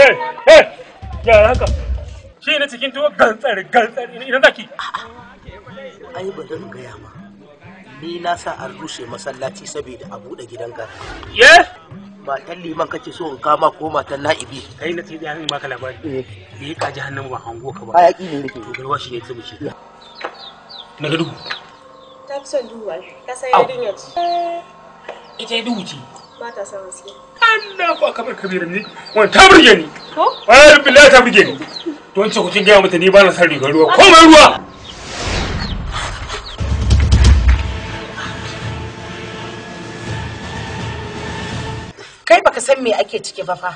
Hey, hey, yaran ka. Shi ne cikin tuwo gantsari gantsari ina zaki. Ai ba dan gaya ma. Ni na sa an rushe masallaci saboda a buɗe gidan ka. Ye? Matan liman kake so in kama ko matan na'ibi. Kai na tsibi hannun maka labari. ka eh. ji hannun ba hango ka ba. Hayaki ne nake. garwa shi ne Na ga duhu. Ta duhu Ka sai yarinyar. Ita duhu ce. Ba ta Allahu akbar kabira ni wannan ta burge ni ko wallahi billahi ta burge ni to wance kucin gaya mata ni ba na san rigar ruwa ko mai ruwa kai baka san me ake ciki ba fa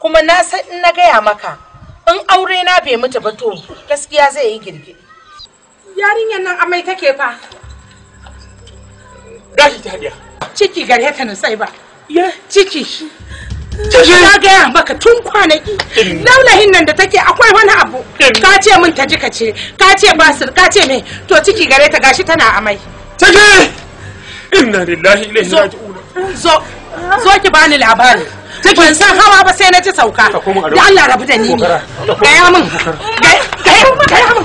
kuma na san in na gaya maka in aure na bai mutu ba to gaskiya zai yi girgidi yarinyar nan amai take fa gashi ta hadiya ciki gare ta na sai ba ya ciki ciki na gaya maka tun kwanaki laulahin nan da take akwai wani abu ka ce min ta jika ce ka ce basir ka ce me to ciki gare ta gashi tana amai ciki inna lillahi ilaihi raji'un zo zo ki bani labari ban san hawa ba sai na ji sauka da Allah rabu da ni ne gaya min gaya min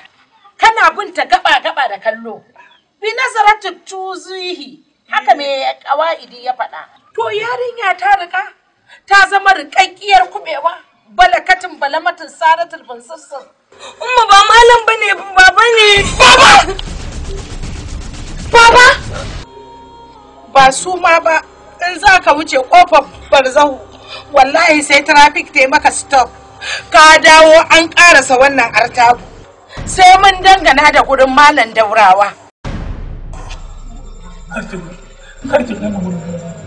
kallo bi nazaratu tuzihi haka me kawaidi ya faɗa to yarinya ta rika. ta zama riƙaƙƙiyar kuɓewa balakatin balamatin saratul bansassar umma ba malam bane baba ne baba baba ba su ma ba in za ka wuce kofar barzahu wallahi sai traffic ta maka stop ka dawo an ƙarasa wannan artabu sai mun dangana da gurin malam daurawa. Kar ki gana